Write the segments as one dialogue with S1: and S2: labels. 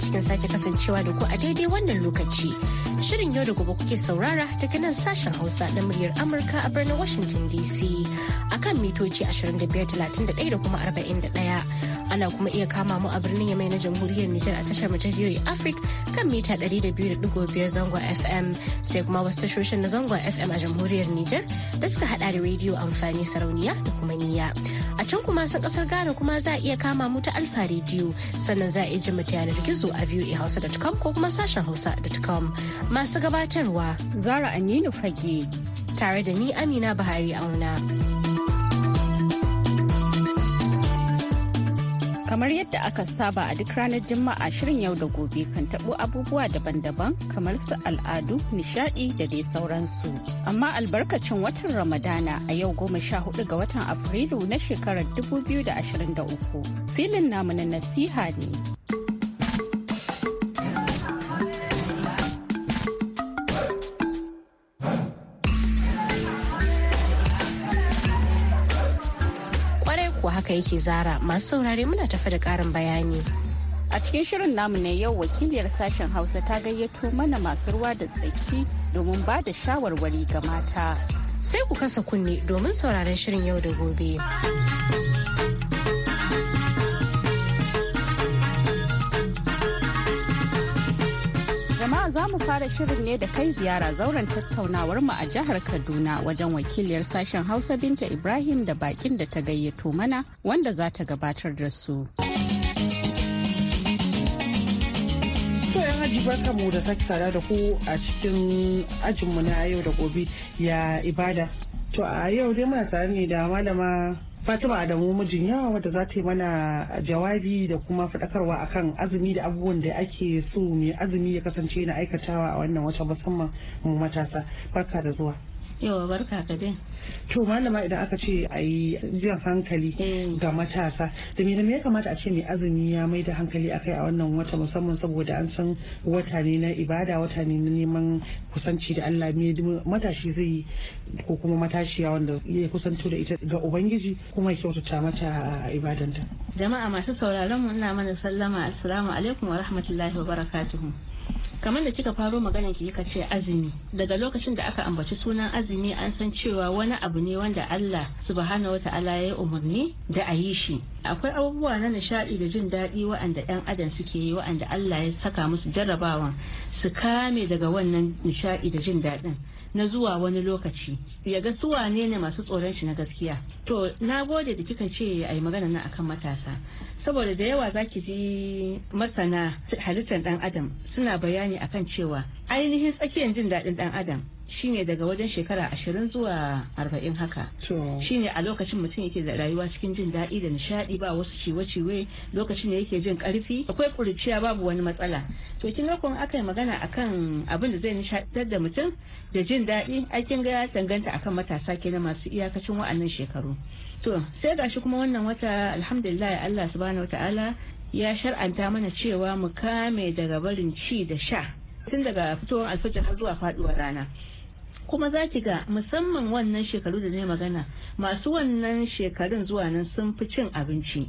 S1: cikin sake kasancewa da ku a daidai wannan lokaci. Shirin yau da gobe kuke saurara daga nan sashen Hausa na muryar Amurka a birnin Washington DC a kan mitoci 31 da kuma 41. ana kuma iya kama mu a birnin yamai na jamhuriyar Nijar a tashar ta Africa kan mita 200.5 zangon FM sai kuma wasu tashoshin na zangon FM a jamhuriyar Nijar da suka hada da rediyo amfani sarauniya da kuma niyya. A can kuma sun kasar Ghana kuma za a iya kama mu ta Alfa rediyo sannan za a iya ji mu ta yanar gizo a voahausa.com ko kuma sashen Hausa hausa.com. Masu gabatarwa Zara Aminu Fage tare da ni Amina Bahari Auna. Kamar yadda aka saba a duk ranar Juma'a shirin yau da gobe kan tabo abubuwa daban-daban kamar su al'adu, nishaɗi da dai sauransu. Amma albarkacin watan Ramadana a yau goma sha hudu ga watan Afrilu na shekarar dubu biyu da uku filin namu na nasiha ne. haka yi zara masu saurare muna tafi da karin bayani. A cikin shirin namu ne yau wakiliyar sashen Hausa ta gayyato mana masu ruwa da tsaki domin ba da shawarwari ga mata. Sai ku kasa kunne domin sauraron shirin yau da gobe. za mu fara shirin ne da kai ziyara zauren tattaunawar mu a jihar Kaduna wajen wakiliyar sashen Hausa Binta Ibrahim da bakin da ta gayyato mana wanda za ta gabatar da su.
S2: Alhaji barka mu da tattara tare da ku a cikin ajinmu na yau da gobe ya ibada. To a yau dai muna tare ne da malama Fatima Adamu mijin yawa wadda za ta yi mana jawabi da kuma faɗakarwa akan azumi da abubuwan da ake so mai azumi ya kasance na aikatawa a wannan wata musamman mu matasa. Barka da zuwa.
S3: yawa barka ka dai
S2: to malama idan aka ce a yi jiyan hankali mm. ga matasa da me ya kamata a ce mai azumi ya mai da hankali akai a wannan wata musamman saboda an san wata ne na ibada wata ne na neman kusanci da Allah me matashi zai yi ko kuma matashiya wanda ya kusanto da ita ga ubangiji kuma ya kyautata mata a ibadanta
S3: jama'a masu sauraron mu ina mana sallama assalamu alaikum wa rahmatullahi wa barakatuhu kamar da kika faro maganar ki kika ce azumi daga lokacin da aka ambaci sunan azumi an san cewa wani abu ne wanda Allah subhanahu wata'ala ya umarni da a yi shi akwai abubuwa na nishadi da jin daɗi wa'anda ɗan adam suke yi wa'anda Allah ya saka musu jarrabawan su kame daga wannan nishadi da jin daɗin na zuwa wani lokaci ya ga su wane ne masu tsoron shi na gaskiya to na gode da kika ce a yi magana na akan matasa saboda da yawa za ki ji masana halittar dan adam suna bayani akan cewa ainihin tsakiyar jin daɗin dan adam shine daga wajen shekara ashirin zuwa arba'in haka shine a lokacin mutum yake da rayuwa cikin jin daɗi da nishaɗi ba wasu ciwe-ciwe lokacin da yake jin ƙarfi akwai ƙuruciya babu wani matsala to kin ga kun aka yi magana akan abin da zai nishaɗar da mutum da jin daɗi ai kin ga ya danganta akan matasa na masu iyakacin wa'annan shekaru to sai gashi kuma wannan wata alhamdulillah Allah subhanahu wataala ya shar'anta mana cewa mu kame daga barin ci da sha tun daga fitowar alfajar har zuwa faduwar rana kuma za ki ga musamman wannan shekaru da ne magana masu wannan shekarun zuwa nan sun fi cin abinci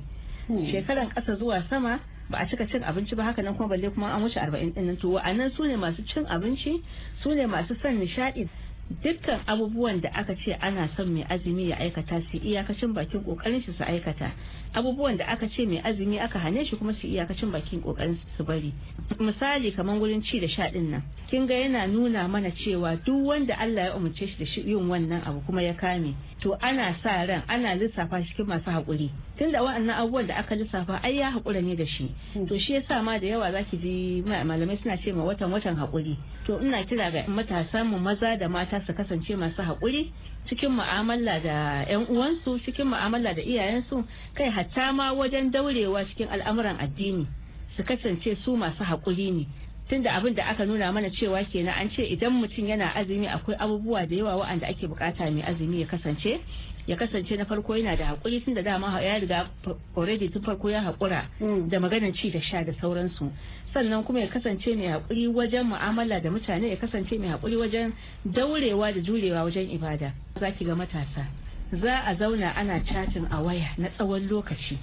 S3: hmm. shekaran ƙasa zuwa sama ba a cika cin abinci ba haka nan kuma balle kuma an wuce arba'in ɗin to wa'annan su ne masu cin abinci su ne masu son nishaɗi dukkan abubuwan da aka ce ana son mai azumi ya aikata su iyakacin bakin kokarin su aikata abubuwan da aka ce mai azumi aka hane shi kuma su iyakacin bakin kokarin su bari misali kamar wurin ci da sha din nan kin ga yana nuna mana cewa duk wanda Allah ya umarce shi da yin wannan abu kuma ya kame to ana sa ran ana lissafa shi cikin masu hakuri tunda wa'annan abubuwan da aka lissafa ai ya hakura ne da shi to shi yasa ma da yawa zaki ji malamai suna ce ma watan watan hakuri to ina kira ga matasan mu maza da mata su kasance masu haƙuri cikin mu'amala da 'yan uwansu cikin mu'amala da iyayensu kai hatta ma wajen daurewa cikin al'amuran addini su kasance su masu haƙuri ne tunda abin da aka nuna mana cewa kenan an ce idan mutum yana azumi akwai abubuwa da yawa wa'anda ake bukata mai azumi ya kasance ya kasance na farko yana da haƙuri tunda da dama ya riga already tun farko ya haƙura mm. da maganar ci da sha da sauransu sannan kuma ya kasance mai haƙuri wajen mu'amala da mutane ya kasance mai haƙuri wajen daurewa da jurewa wajen ibada za ki ga matasa za a zauna ana chatin a waya na tsawon lokaci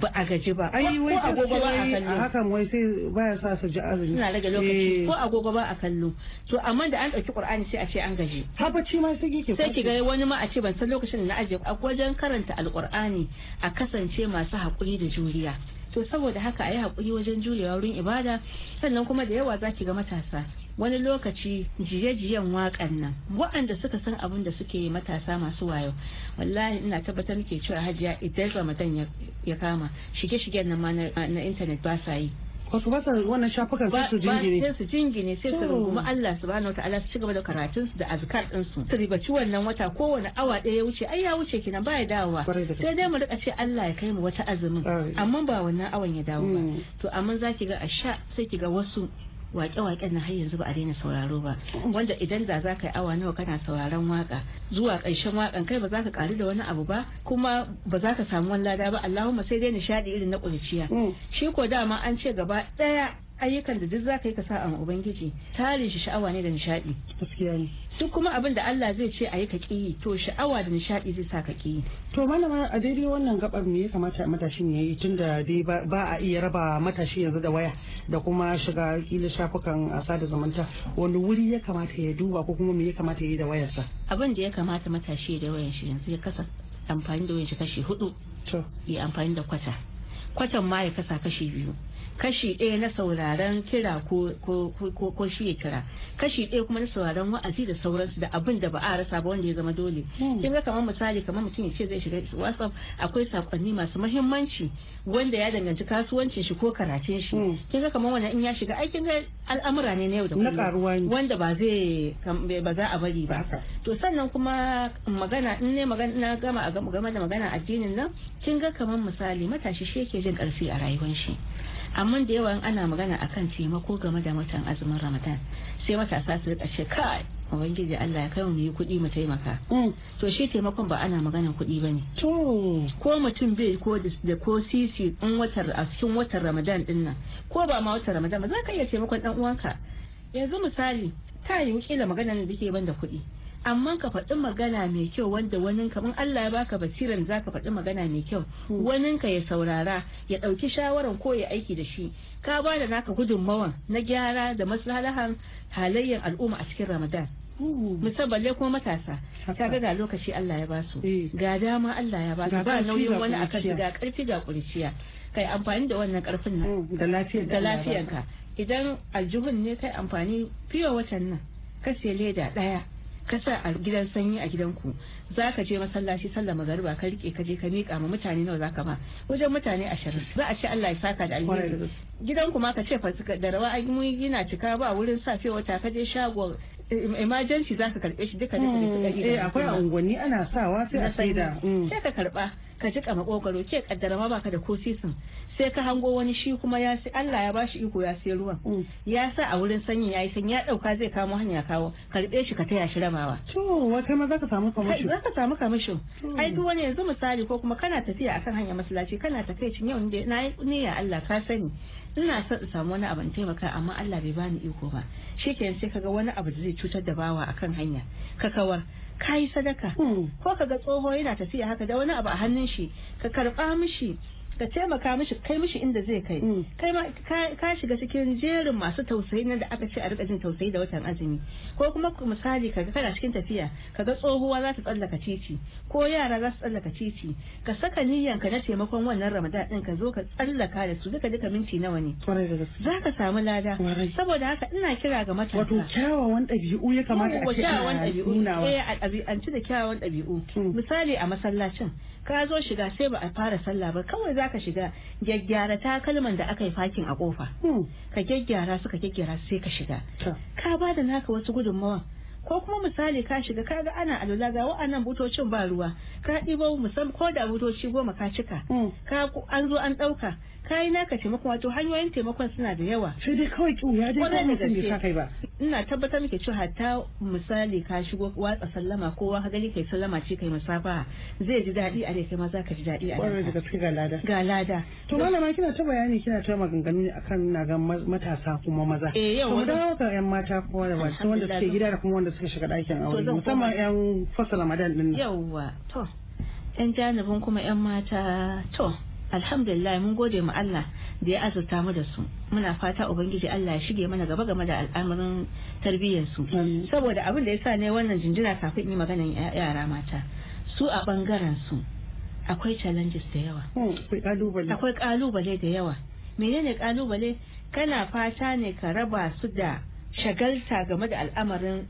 S3: ba a gaji ba ai wai agogo ba a kallo hakan
S2: wai sai baya sa su ji azumi suna rage lokaci eh. ko
S3: agogo ba a kallo to amma da an dauki qur'ani sai a ce an gaji ha bacci ma sai kike sai kiga wani ma a ce ban san lokacin da na aje a wajen karanta alqur'ani a kasance masu haƙuri da juriya to saboda haka a yi haƙuri wajen jurewa wurin ibada sannan kuma da yawa zaki ga matasa wani lokaci jiye-jiyen waƙan nan waɗanda suka san abin da suke yi matasa masu wayo wallahi ina tabbatar muke cewa hajiya idan ramadan ya kama shige-shigen nan ma na intanet ba sa yi wasu su basa wannan shafukan sai su jingine sai su jingine sai su rungumi Allah subhanahu ta'ala su cigaba da karatun su da azkar din su su ribaci wannan wata kowane awa ɗaya ya wuce ai ya wuce kenan ba ya dawowa sai dai mu rika ce Allah ya kai mu wata azumin amma ba wannan awan ya dawo ba mm. to amma zaki ga a sha sai ki ga wasu waƙe-waƙen na har yanzu ba a daina sauraro ba wanda idan da za ka yi awa nawa kana sauraron waƙa zuwa ƙarshen waƙan kai ba za ka ƙaru da wani abu ba kuma ba za ka samu wani lada ba allahumma sai dai nishaɗi irin na ƙuruciya mm. shi ko dama an ce gaba ɗaya ayyukan da duk zaka yi ka sa a ubangiji tare shi sha'awa ne da nishadi gaskiya ne duk kuma abin da Allah zai ce ayi yi ka ƙi to sha'awa da nishadi zai sa ka ƙi to malama
S2: a daidai wannan gabar me ya kamata matashin ya yi tunda dai ba a iya raba matashi yanzu da waya da kuma shiga kila shafukan sada zumunta wani wuri ya kamata ya duba ko kuma
S3: me ya kamata ya yi da wayarsa abin da ya kamata matashi da wayar shi yanzu ya kasa amfani da wayar shi kashi hudu yi amfani da kwata kwatan ma ya kasa kashi biyu kashi ɗaya na sauraron kira ko shi ya kira kashi ɗaya kuma na sauraron wa'azi da sauransu da abin da ba a rasa ba wanda ya zama dole hmm. kin ga kamar misali kamar mutum ya ce zai shiga whatsapp akwai sakonni masu muhimmanci wanda ya danganci kasuwancin shi ko karatun shi hmm. kin ga kamar wannan in ya shiga ai ga al'amura ne na yau da kullum wanda ba zai ba za a bari ba to sannan kuma magana in ne magana na gama a game da magana addinin nan kin ga kamar misali matashi shi yake jin karfi a rayuwar shi amma da yawa ana magana akan taimako game da watan azumin ramadan sai matasa su rika ce kai ubangiji Allah ya kai mu yi kuɗi mu taimaka mm. to shi taimakon ba ana magana kuɗi bane to ko mutum bai ko da ko sisi in watar a cikin watan ramadan din nan ko ba ma watan ramadan ba za ka iya taimakon dan uwanka yanzu misali ta yi kila maganar da ke ban da kuɗi amma ka faɗi magana mai kyau wanda wani kamar Allah ya baka basiran za ka faɗi magana mai kyau hmm. wanin ka ya saurara ya ɗauki shawaran ko ya aiki da shi ka ba da naka gudunmawan na gyara da maslahan halayyar al'umma a cikin ramadan hmm. musamman kuma matasa kaga ga lokaci Allah ya basu eh. ga dama Allah ya basu ba nauyin wani a kan ga karfi ga kurciya kai amfani da wannan karfin nan hmm. da lafiyar lafiyarka idan aljihun ne kai amfani fiye watan nan kashe leda daya ka sa a gidan sanyi a gidanku za ka je masallaci sallar magariba ka rike ka je ka miƙa ma mutane nawa za ka ba wajen mutane ashirin za a ce Allah ya saka da alheri Gidan ma ka ce da rawa an yi gina cika ba wurin safe wata ka je shago emergency za ka karɓe shi duka duka da eh akwai unguwanni ana sawa sai a saida. Mm. Sai ka karba ka jiƙa makogaro ke kaddara ma baka da ko sisin sai ka hango wani shi kuma ya sai Allah ya bashi iko ya sai ruwan mm. ya sa a wurin sanyi yi sanyi ya dauka zai kamo hanya kawo karbe shi ka taya shi ramawa to wata ma zaka samu kamishin zaka samu kamishin ai duk wani yanzu misali ko kuma kana tafiya akan hanya masallaci kana tafiya cin yau ne ne ya Allah ka sani ina son in samu wani abin taimaka amma Allah bai bani iko ba shikenan sai kaga wani abu zai cutar da bawa akan hanya ka kawar ka yi sadaka mm. ko ka ga tsoho yana tafiya haka da wani abu a hannun shi ka karba mishi ka taimaka mishi kai mishi inda zai kai mm. ka shiga cikin jerin masu tausayi na da aka ce a rika jin tausayi da watan azumi ko kuma misali ka kana cikin tafiya ka ga tsohuwa za ta tsallaka cici ko yara za su tsallaka cici ka saka niyyan ka na taimakon wannan ramadan din ka zo ka tsallaka da su duka duka minti nawa ne za ka samu lada saboda haka ina kira ga matasa wato kyawawan ɗabi'u ya kamata a ce kyawawan nuna wa eh, a ɗabi'anci da kyawawan ɗabi'u mm. misali a masallacin ka zo shiga sai ba a fara sallah ba kawai zaka shiga gyaggyara takalman da aka yi fakin a kofa hmm. ka gyaggyara suka gyaggyara sai ka shiga ka ba da naka wasu gudunmawa ko kuma misali ka shiga ka ga ana alula ga wa'annan butocin ba ruwa ka ɗibo musamman ko da butoci goma ka cika hmm. ka an zo an ɗauka kayi naka taimakon wato hanyoyin taimakon suna da yawa sai dai kawai ya dai ba mutum bai kai ba ina tabbatar muke cewa hatta misali ka shigo watsa sallama kowa ka gani kai sallama ce kai musafaha zai ji daɗi a dai kai ma zaka ji daɗi a rai daga ga lada ga lada
S2: to malama kina ta bayani kina ta maganganu akan na ga matasa kuma maza eh yau wanda ka yan mata ko da wasu wanda suke gida da kuma wanda suka shiga ɗakin aure musamman yan fasa madan din
S3: yauwa to yan janibin kuma yan mata to alhamdulillah mun gode mu Allah da ya azurta mu da su muna fata ubangiji Allah ya shige mana gaba game da al'amarin tarbiyyar su saboda abin da yasa ne wannan jinjina kafin yi maganan yara mata su a bangaren su akwai challenges da yawa hmm, akwai kalubale da yawa menene kalubale kana fata ne ka raba su da shagalta game da al'amarin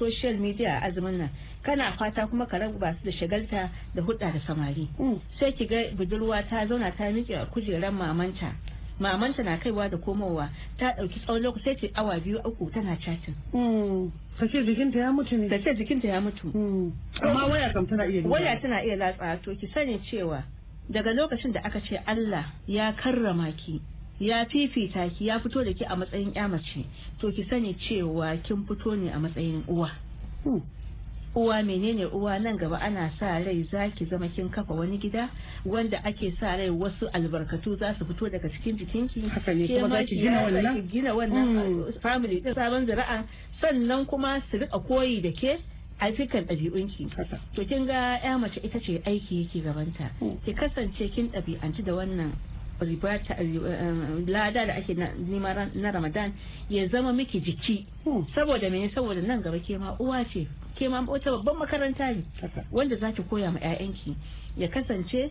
S3: social media a azumin nan kana fata kuma ka ba su da shagalta da hudda da samari mm. sai ki ga budurwa ta zauna ta miƙe a kujerar mamanta mamanta na kaiwa da komowa ta ɗauki tsawon lokaci sai ce awa biyu uku tana chatin
S2: mm. ce jikinta ya
S3: mutu ne ce jikinta ya mutu mm. amma waya kam tana iya waya tana iya latsa to ki sani cewa daga lokacin da aka ce Allah ya karrama ki ya fifita ki ya fito da ki a matsayin mace to ki sani cewa kin fito ne a matsayin uwa uwa menene uwa nan gaba ana sa rai zaki zama kin kafa wani gida wanda ake sa rai wasu albarkatu za su fito daga cikin jikinki ki gina wannan hmm. family din sabon zira'a sannan kuma su rika koyi da ke aifikan ki. to kin ga ya mace ita ce aiki yake gabanta hmm. ki kasance kin ɗabi'anci da wannan ribata eh, lada da ake nema na ramadan ya zama miki jiki hmm. saboda me saboda nan gaba ke ma uwa ce ke ma wata babban makaranta ne wanda za ki koya ma 'ya'yanki ya kasance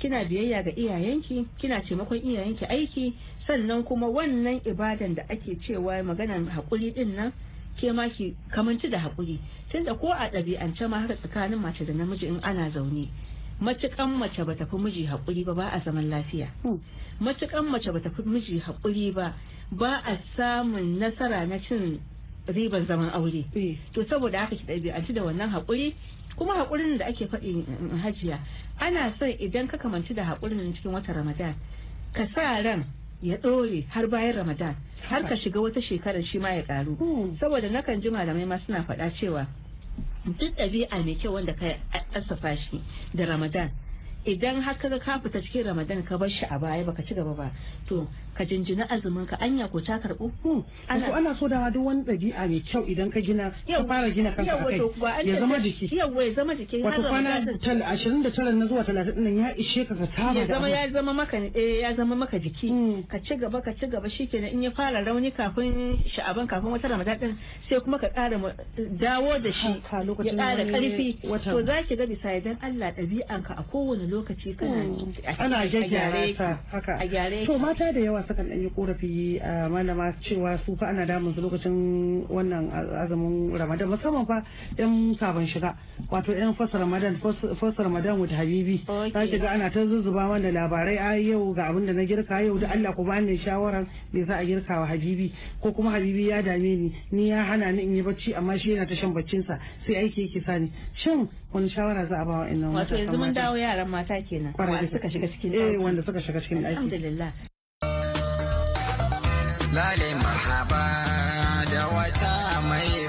S3: kina biyayya ga iyayenki kina taimakon iyayenki aiki sannan kuma wannan ibadan da ake cewa maganan hakuri din nan ke ma ki kamanci da haƙuri tunda ko a ɗabi'ance ma haka tsakanin mace da namiji in ana zaune matukan mace ba tafi miji haƙuri ba ba a zaman lafiya hmm. matukan mace ba tafi miji hakuri ba ba a samun nasara na cin riban zaman aure eh. to saboda haka ki ɗabi'anci da wannan haƙuri kuma haƙurin da ake faɗi mm, mm, mm, hajiya ana son idan ka kamanci da haƙurin cikin watan ramadan ka sa ran ya ɗore har bayan ramadan har ka shiga wata shekarar shi ma ya ƙaru hmm. saboda nakan ji malamai ma suna faɗa cewa duk ɗabi'a mai kyau wanda ka ƙasafa shi da ramadan idan har kaga ka fita cikin ramadan ka bar shi a baya baka ci gaba ba to ka jinjina azumin ka anya ko ta karɓu ku hmm, ana ana so da duk wani ɗabi'a mai kyau idan ka gina ka fara gina kanka kai. ya zama jiki yawa ya zama jiki wato kwana
S2: 29 na zuwa 30 nan ya ishe ka ka saba ya zama ya
S3: zama maka eh ya zama maka jiki hmm. ka ci gaba ka ci gaba shikenan in ya fara rauni kafin sha'aban kafin wata ramadan din sai kuma ka ƙara dawo da shi ya ƙara ƙarfi to za ki ga bisa idan Allah ɗabi'anka a kowane lokaci kana hmm. ana gyara ka haka a gyare to mata da yawa sukan ɗan yi korafi
S2: a malama cewa su fa ana damun su lokacin wannan azumin ramadan musamman fa yan sabon shiga wato yan fasa ramadan fas ramadan wata habibi ta ga ana ta zuzzuba wanda labarai a yau ga abin da na girka yau da Allah ku bani shawaran me za a girka wa habibi ko kuma habibi ya dame ni ni ya hana ni in yi bacci amma shi yana ta shan baccinsa sai aiki yake sani shin wani shawara za a ba wa'annan wato yanzu mun dawo
S3: yaran mata kenan wanda suka
S2: shiga cikin eh wanda suka shiga cikin aiki
S3: alhamdulillah
S4: lale mahaba da wata mai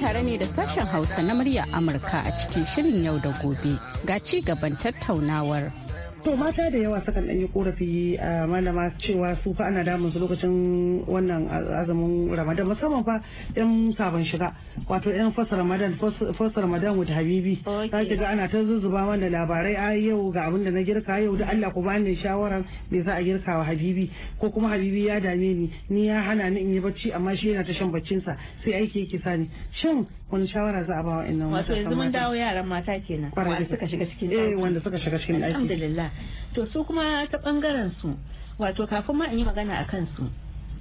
S1: tare ne da sashen Hausa na murya Amurka a cikin shirin yau da gobe. Ga ci gaban tattaunawar. to mata da yawa sukan ɗanyi korafi a malama cewa su fa ana damun su
S2: lokacin wannan azumin ramadan musamman fa yan sabon shiga wato yan fasa ramadan fasar ramadan with habibi ta ga ana ta zuzzuba mana labarai a yau ga abin da na girka yau da Allah ku bani shawaran me za a girka wa habibi ko kuma habibi ya dame ni ni ya hana ni in yi bacci amma shi yana ta shan baccinsa sai aiki yake sani shin wani shawara za a ba wa innan wato yanzu mun dawo
S3: yaran mata kenan eh, wanda suka shiga cikin eh wanda suka shiga cikin aiki alhamdulillah to su kuma ta bangaren su wato kafin ma in yi magana a kansu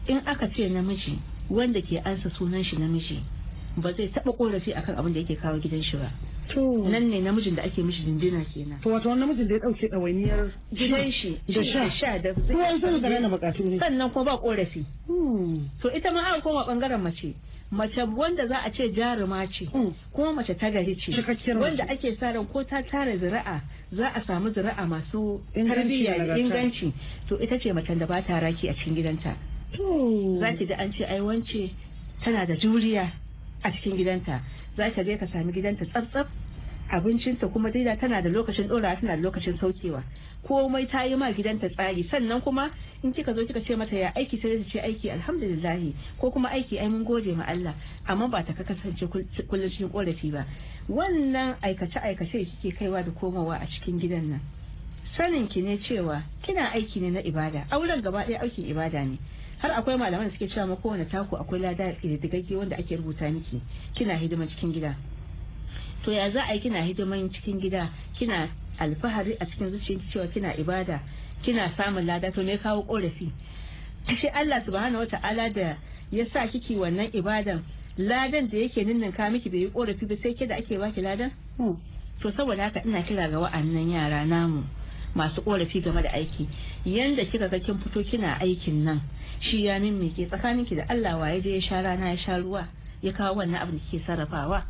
S3: in aka ce namiji wanda ke ansa sunan shi namiji ba zai taɓa korafi akan abin da yake kawo gidan shi ba nan ne namijin da ake mishi dindina kenan to wato namijin da ya dauke ɗawainiyar gidan shi da sha da ko sun da rana bukatu ne sannan kuma ba korafi hmm. to ita ma aka koma bangaren mace mace wanda za a ce jaruma ce hmm. kuma mace ta gari ce wanda ake sa ran ko ta tara zira'a za a samu zira'a masu tarbiyya inganci to ita ce macen da ba ta raki a cikin gidanta za ki an ce ai wance tana da juriya a cikin gidanta za ka je ka sami gidanta tsaf abincinta kuma da tana da lokacin ɗorawa tana da lokacin saukewa komai ta yi ma gidanta tsari sannan kuma in kika zo kika ce mata ya aiki sai ta ce aiki alhamdulillah ko kuma aiki ai mun gode ma Allah amma ba ta kasance kullum cikin korafi ba wannan aikace aikace kike kaiwa da komawa a cikin gidan nan sanin ki ne cewa kina aiki ne na ibada auren gaba ɗaya aikin ibada ne har akwai malaman da suke cewa ma kowane taku akwai lada ƙididdigagge wanda ake rubuta miki kina hidima cikin gida to ya za a yi kina hidiman cikin gida kina alfahari a cikin zuciyarki cewa kina ibada kina samun lada to ne kawo korafi shi Allah subhanahu wata'ala da ya sa kiki wannan ibadan ladan da yake ninninka miki bai yi korafi ba sai ke da ake baki ladan hmm. to saboda haka ina kira ga wa'annan yara namu masu korafi game da aiki yanda kika ga kin fito kina aikin nan shi ya ke tsakaninki da Allah waye je ya sha rana ya sha ruwa ya kawo wannan abu da ke sarrafawa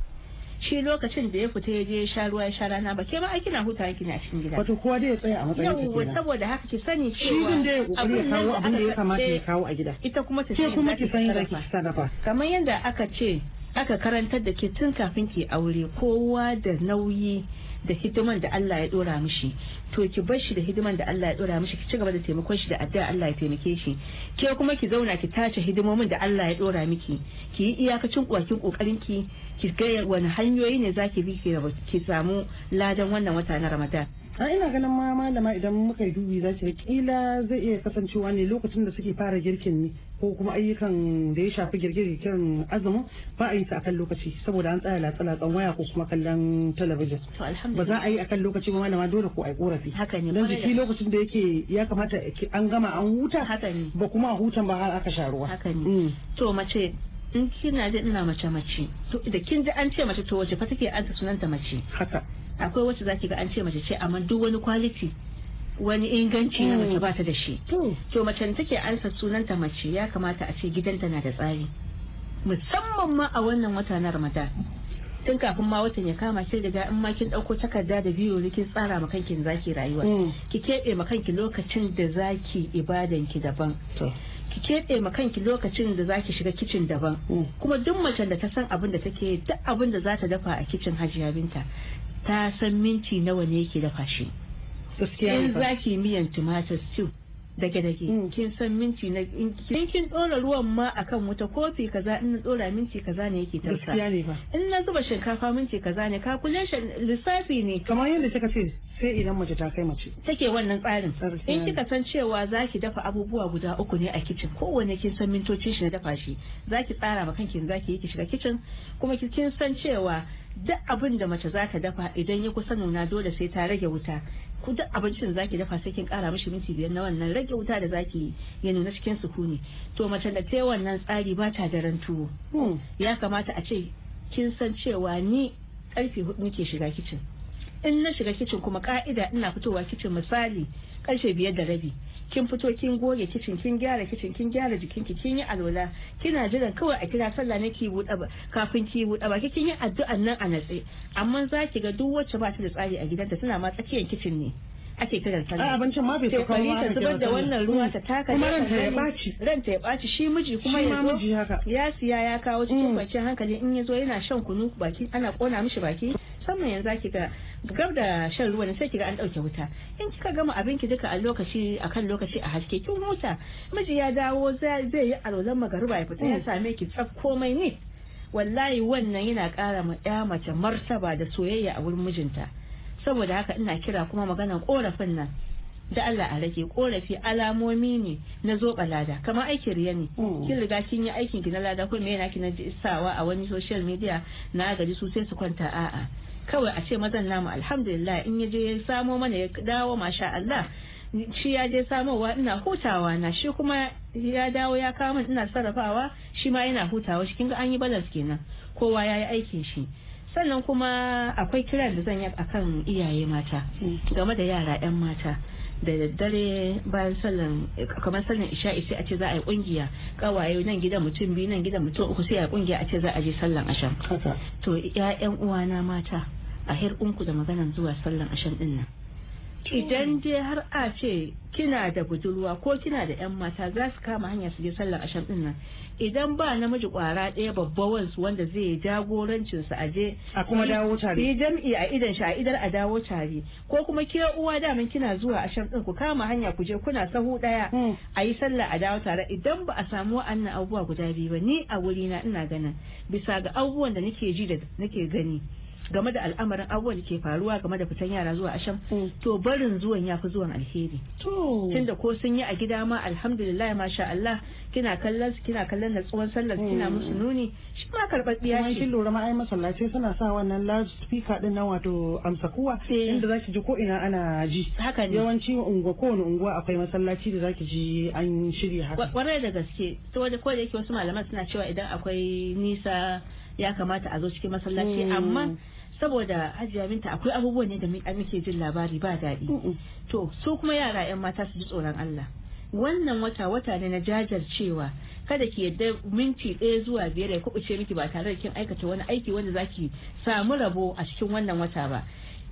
S3: shi lokacin da ya fita ya je sha ruwa ya sha rana ba ke ba ai kina hutawa kina cikin gida wato kowa dai ya tsaya a matsayin ta kenan saboda haka ki sani cewa shi din da ya kokari ya kawo abin da ya kamata ya kawo a gida ita kuma ta sani kuma ki sani yadda ki sarrafa kamar yadda aka ce aka karantar da ke tun kafin ki aure kowa da nauyi da hidiman da Allah ya dora mishi to ki bar shi da hidiman da Allah ya dora mishi ki ci gaba da taimakon shi da addu'a Allah ya taimake shi ke kuma ki zauna ki tace hidimomin da Allah ya dora miki ki yi iyakacin kwakin kokarin ki ki wani hanyoyi ne zaki bi ki samu ladan wannan wata na Ramadan a ina
S2: ganin ma malama idan muka yi dubi za ki kila zai iya kasancewa ne lokacin da suke fara girkin ne ko kuma ayyukan da ya shafi girgirgin azumin ba a yi ta akan lokaci saboda an tsaya latsa-latsan waya ko kuma kallon talabijin
S3: ba za a yi akan
S2: lokaci ba malama dole ko a yi korafi don jiki lokacin da yake ya kamata an gama an huta ba kuma a hutan ba
S3: har aka sha ruwa mm. to mace in kina da ina mace mace to da kin ji an ce mace to wace fa take an sunanta mace haka akwai wacce zaki ga an ce mace ce amma duk wani quality wani inganci na mace mm. ba ta da shi to mace macen take ansa sunanta mace ya kamata a ce gidanta na da tsari musamman ma a wannan wata na ramadan tun kafin ma watan ya kama sai riga in ma kin dauko takarda da biyo kin tsara ma kankin zaki rayuwa mm. ki keɓe ma kanki lokacin da zaki ibadan ki daban ki keɓe ma kanki lokacin da zaki shiga kicin daban mm. kuma duk macen da ta san abin da take duk abin da za ta dafa a kicin hajiya binta ta san minti nawa ne yake dafa shi gaskiya in zaki miyan tumatir stew dake dake mm. kin san minti na in kin dora ruwan ma akan wuta kofi kaza in na dora minti kaza ne yake tarsa gaskiya ne ba in na zuba shinkafa minti kaza ne shi lissafi ne kamar yadda kika ce sai idan mace ta kai mace take wannan tsarin in kika san cewa zaki dafa abubuwa guda uku ne a kicin kowanne kin san mintoci shi na dafa shi zaki tsara ma kanki zaki yi ki shiga kicin kuma kin san cewa duk abin da mace za ta dafa idan ya kusa nuna dole sai ta rage wuta ku duk abincin zaki dafa sai kin kara mishi minti biyar na wannan rage wuta da zaki ya nuna cikin sukuni to mace da ta wannan tsari ba ta daren tuwo hmm. ya kamata a ce kin san cewa ni karfe hudu nake shiga kicin in na shiga kicin kuma ka'ida ina fitowa kicin misali karfe biyar da rabi kin fito kin goge kicin kin gyara kicin kin gyara jikinki kin yi alwala kina jiran kawai a kira sallah ne ki buɗa ba kafin ki buɗe ba kin yi addu'an nan a natse amma za ki ga duk wacce ba ta da tsari a gidanta tana ma tsakiyar kicin ne ake kiran A abincin ma bai sauka ma ta zubar da wannan ruwa mm. ta taka kuma ranta ya baci ranta ya baci shi miji kuma ya zo ya siya ya kawo cikin mm. kwanciyar hankali in ya zo yana shan kunu baki ana kona mishi baki musamman yanzu ake ga gab da shan ruwan sai kiga an dauke wuta in kika gama abin ki duka a lokaci akan lokaci a haske kin huta miji ya dawo zai yi ga magaruba ya fita ya mm. same ki tsaf komai ne wallahi wannan yana kara ma ya mace martaba da soyayya a wurin mijinta saboda haka ina kira kuma maganar korafin nan da Allah a rage korafi alamomi ne na zoba lada kamar aiki riya ne hmm. kin riga kin yi aikin ki na lada ko me yana ki na sawa a wani social media na gari su sai su kwanta a'a kawai a ce mazan namu alhamdulillah in ya je ya samo mana ya dawo masha Allah shi ya je samowa ina hutawa na shi kuma ya dawo ya kawo ina sarrafawa shi ma yana hutawa shi kinga an yi balance kenan kowa ya yi aikin shi sannan kuma akwai kiran da zan yi akan iyaye mata game da yara 'yan mata da daddare bayan sallan kamar sallan isha'i sai a ce za a yi kungiya kawaye nan gidan mutum biyu nan gidan mutum uku sai a kungiya a ce za a je sallan ashan to 'ya'yan uwana mata a hirkunku da maganan zuwa sallan ashan din idan dai har a ce kina da budurwa ko kina da yan mata za su kama hanya su je sallar ashan din nan idan ba namiji kwara ɗaya babba wansu wanda zai jagorancin su aje a kuma dawo tare yi jam'i a idan shi a idan a dawo tare ko kuma ke uwa daman kina zuwa ashan din ku kama hanya ku je kuna sahu ɗaya. Hmm. a yi sallar a dawo tare idan ba a samu wa'annan abubuwa guda biyu ba ni a wurina ina ganin bisa ga abubuwan da nake ji da nake gani game da al'amarin abubuwan ke faruwa game da fitan yara zuwa asham mm. to barin zuwan ya fi zuwan alheri tunda ko sun yi a gida ma alhamdulillah masha Allah kina kallon su kina kallon da tsohon sallar kina mm. musu nuni shi ma karɓaɓɓiya ce. Kin lura ma ai masallaci
S2: suna sa wannan large speaker din nan wato amsa kuwa eh. inda zaki ji ko ina ana ji. Haka ne. Yawanci unguwa ko wani unguwa akwai masallaci da zaki ji an shirya haka.
S3: Kwarai da gaske saboda ko da yake wasu malaman suna cewa idan akwai nisa ya kamata a zo cikin masallaci mm. amma saboda hajiya minta akwai abubuwan da muke jin labari ba daɗi to su kuma yara 'yan mata su ji tsoron Allah wannan wata wata ne na jajar cewa kada ki yadda minti ɗaya zuwa biyar ya kubuce miki ba tare da kin aikata wani aiki wanda zaki samu rabo a cikin wannan wata ba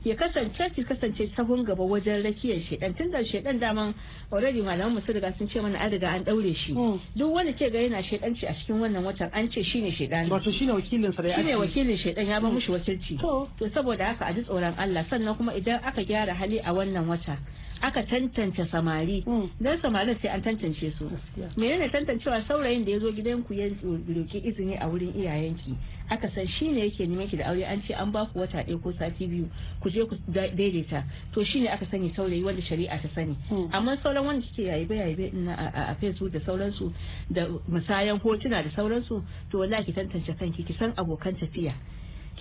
S3: ya kasance ki kasance sahun gaba wajen rakiyar shedan tun da shedan daman already malaman mu riga sun ce mana an riga an daure shi hmm. duk wanda ke ga yana shedanci a cikin wannan watan an ce shine shedan wato shine wakilin sa shine wakilin shedan ya ba mushi wakilci hmm. to saboda haka a ji tsoron Allah sannan kuma idan aka gyara hali a wannan wata aka tantance samari mm. dan samari sai an tantance su menene tantancewa saurayin da ya zo gidan ku ya roki izini a wurin iyayenki aka san shi ne yake neman ki da aure an ce an ba ku wata ɗaya ko sati biyu ku je ku daidaita to shi ne aka sani saurayi wanda shari'a ta sani mm. amma sauran wanda kike yayi ba yayi a facebook da sauransu da musayan hotuna da sauransu to wallahi ki tantance kanki ki san abokan tafiya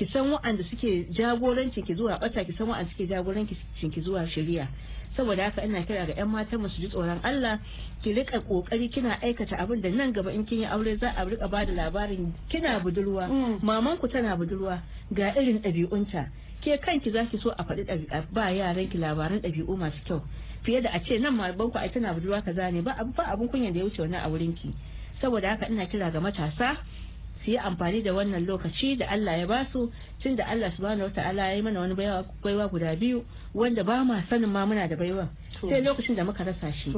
S3: ki san wa'anda suke jagoranci ki zuwa bata ki san wa'anda suke jagoranci ki zuwa shari'a saboda haka ina kira ga 'yan matan mu su ji tsoron Allah ki rika kokari kina aikata abin da nan gaba in kin yi aure za a rika bada labarin kina budurwa mm. maman ku tana budurwa ga irin ɗabi'unta ke kanki zaki so a faɗi ba yaran ki labaran ɗabi'u masu kyau fiye da a ce nan maman ku ai tana budurwa kaza ne ba abun kunya da ya wuce wani a wurin ki saboda haka ina kira ga matasa su yi amfani da wannan lokaci da Allah ya basu tun da Allah subhanahu wataala ya yi mana wani baiwa guda biyu wanda ba ma sanin ma muna da baiwa sai lokacin da muka rasa shi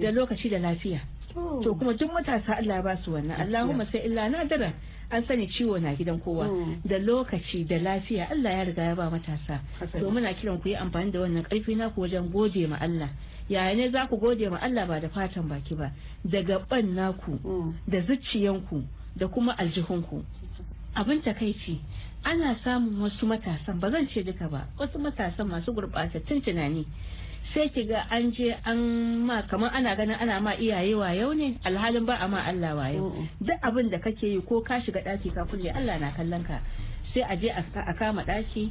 S3: da lokaci da lafiya to kuma duk matasa Allah ya basu wannan Allahumma sai illa nadara an sani ciwo na gidan kowa da lokaci da lafiya Allah ya riga ya ba matasa to muna kiran ku yi amfani da wannan karfi naku wajen gode ma Allah yaya ne za ku gode ma Allah ba da fatan baki ba da gaban naku mm. da zuciyanku da kuma aljihunku abin takaici ana samun wasu matasan ba zan ce duka ba wasu matasan masu gurɓatattun tunani sai ki ga an je an ma kamar ana ganin ana ma iyaye wayo ne alhalin ba a ma Allah wayo duk abin da kake yi ko ka shiga ɗaki ka kulle Allah na kallon ka sai a je a kama ɗaki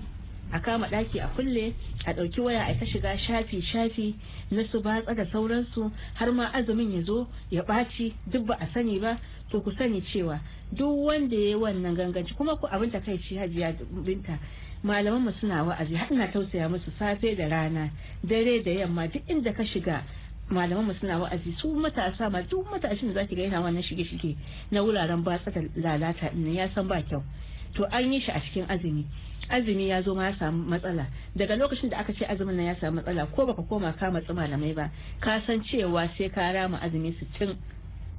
S3: a kama daki a kulle a ɗauki waya a ta shiga shafi-shafi na su batsa da sauransu har ma azumin ya zo ya ɓaci duk ba a sani ba to ku sani cewa duk wanda ya yi wannan ganganci kuma ku abin takaici hajiya binta malamanmu suna wa'azi har na tausaya musu safe da rana dare da yamma duk inda ka shiga malamanmu suna wa'azi su matasa ma duk matashin da zaki ga yana wannan shige-shige na wuraren batsa da lalata ya san ba kyau to an yi shi a cikin azumi azumi ya zo ma ya samu matsala daga lokacin da aka ce azumin nan ya samu matsala ko baka koma ka matsi malamai ba ka san cewa sai ka rama azumi cin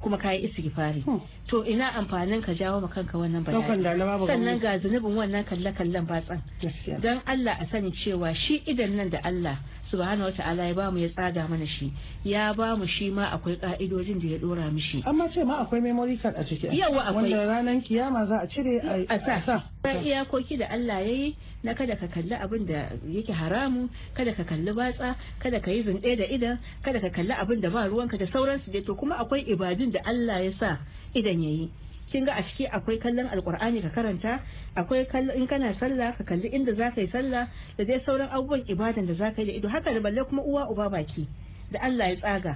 S3: kuma ka yi istighfari hmm. to ina amfanin ka jawo ma kanka wannan bayani sannan ga zunubin wannan kalle-kallen batsan dan Allah a sani cewa shi idan nan da Allah subhanahu wata'ala ya bamu ya tsada mana shi ya bamu shi ma akwai ka'idojin da ya dora mishi amma ce ma akwai memory card a ciki yawa akwai wanda
S2: ranar kiyama za a cire a sa
S3: iyakoki da Allah ya yi na kada ka kalli abin da yake haramu kada ka kalli batsa kada ka yi zunɗe da idan kada ka kalli abin da ba ruwanka da sauransu dai to kuma akwai ibadun da Allah ya sa idan yayi kin ga a ciki akwai kallon alkur'ani ka karanta akwai kallon in kana sallah ka kalli inda za ka yi sallah da dai sauran abubuwan ibadan da za ka yi da ido haka da balle kuma uwa uba baki da Allah ya tsaga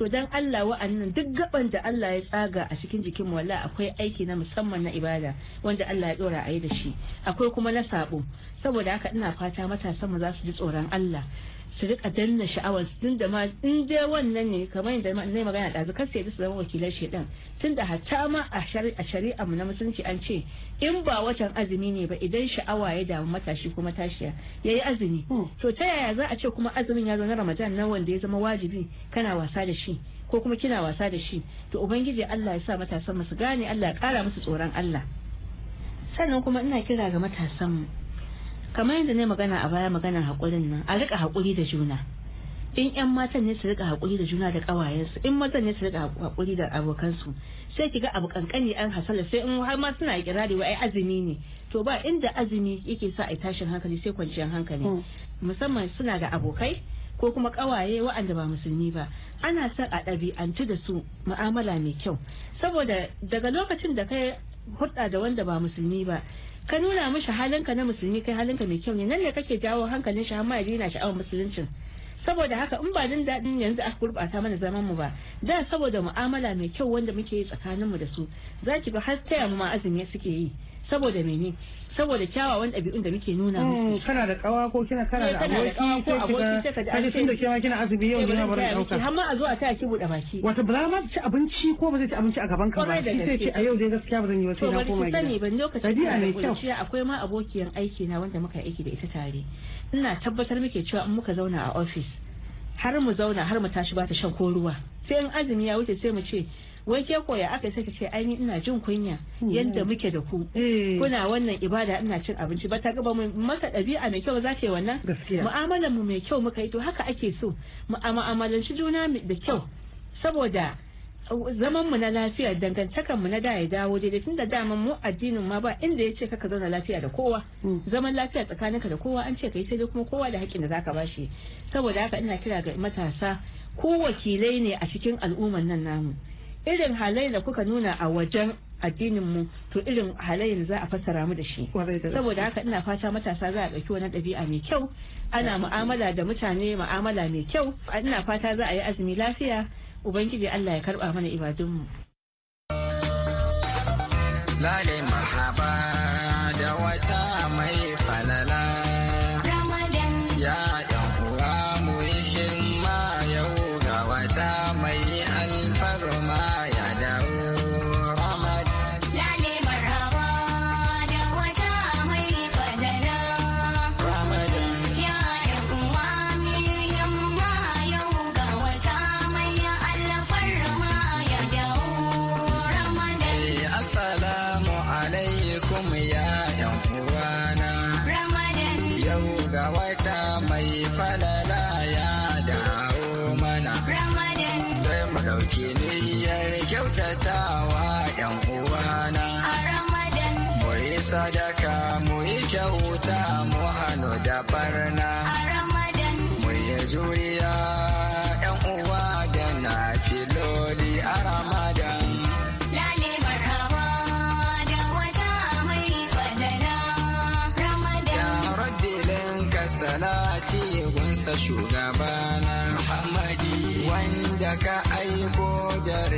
S3: to dan Allah wa'annan duk gaban da Allah ya tsaga a cikin jikin walla akwai aiki na musamman na ibada wanda Allah ya dora a yi da shi akwai kuma na sabo saboda haka ina fata matasan mu za su ji tsoron Allah su rika danna sha'awar tun da ma in dai wannan ne kamar yadda na magana ɗazu kar sai su zama wakilan shaidan tun da hatta ma a shari'a mu na musulunci an ce in ba watan azumi ne ba idan sha'awa ya damu matashi kuma tashiya ya yi azumi hmm. to ta yaya za a ce kuma azumin ya zo na ramadan na wanda ya zama wajibi kana wasa da shi ko kuma kina wasa da shi to ubangiji Allah ya sa matasan mu su gane Allah ya kara musu tsoron Allah sannan kuma ina kira ga matasan mu kamar yadda ne magana a baya magana haƙurin nan a rika haƙuri da juna in yan matan ne su rika haƙuri da juna da ƙawayensu in matan ne su rika haƙuri da abokansu sai ki ga abu kankani an hasala sai in har ma suna kirarewa wai azumi ne to ba inda azumi yake sa a tashin hankali sai kwanciyar hankali hmm. musamman suna da abokai ko kuma ƙawaye waɗanda ba musulmi ba ana son a ɗabi'antu da su mu'amala mai kyau saboda daga lokacin da kai hulɗa da wanda ba musulmi ba ka nuna mishi halinka na musulmi kai halinka mai kyau ne nan ne kake jawo hankalin shi amma ya daina sha'awar musuluncin saboda haka in ba jin daɗin yanzu aka gurɓata mana zaman mu ba da saboda mu'amala mai kyau wanda muke yi tsakanin mu da su zaki ki ga har taya mu ma azumi suke yi saboda mene saboda kyawawan ɗabi'un da muke nuna mm, musu kana da kawa ko kina kana eh, da aboki ko aboki sai ji tunda ke ma kina asibi yau ne eh, bari dauka har ma a zo a ta ki buɗe baki wato ba za ma ci abinci ko ba zai ci abinci a gaban ka ba shi sai ce a yau
S2: dai gaskiya ba zan
S3: yi wasu sai na koma gida to sani ban lokacin da ne kyau akwai ma abokiyan aiki na wanda muka aiki da ita tare ina tabbatar muke cewa in muka zauna a office har mu zauna har mu tashi ba ta shan ko ruwa sai in azumi ya wuce sai mu ce wai ke koya aka sai ce ai ina jin kunya hmm. yadda muke da ku eh. kuna wannan ibada ina cin abinci ba ta mu maka ɗabi'a mai kyau za ta yi wannan mu'amalar mu mai kyau muka yi to haka ake so mu mu'amalanci juna da kyau saboda zaman mu na lafiya dangantakar mu na da ya dawo daidai tunda dama mu addinin ma ba inda yace kaka zauna lafiya da kowa hmm. zaman lafiya tsakaninka da kowa an ce kai sai dai kuma kowa da haƙƙin da zaka shi saboda haka ina kira ga matasa ko wakilai ne a cikin al'umman nan namu irin halayen da kuka nuna a wajen addinin mu to irin halayen za a fassara mu da shi saboda haka ina fata matasa za a ɗauki wani ɗabi'a mai kyau ana mu'amala da mutane mu'amala mai kyau ina fata za a yi azumi lafiya ubangiji Allah ya karba mana ibadun mu
S4: lale mahaba da wata mai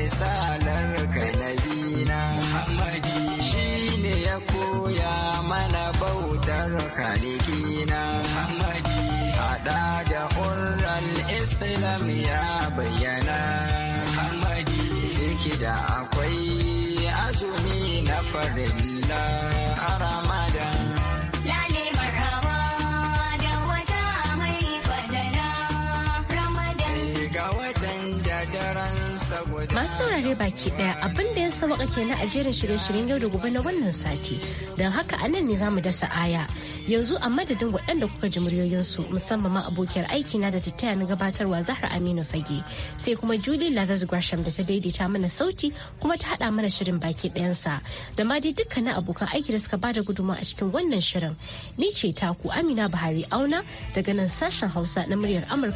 S4: sorry.
S1: wurare baki daya abin da ya sauka kenan a jerin shirye-shiryen yau da gobe na wannan sati. Don haka a nan ne za mu dasa aya. Yanzu a madadin waɗanda kuka ji muryoyinsu musamman ma abokiyar aiki aikina da tattaya na gabatarwa zahar Aminu Fage. Sai kuma Julie Lagos Gresham da ta daidaita mana sauti kuma ta haɗa mana shirin baki ɗayansa. Da ma dai dukkanin abokan aiki da suka da guduma a cikin wannan shirin. Ni ce taku Amina Buhari Auna daga nan sashen Hausa na muryar Amurka.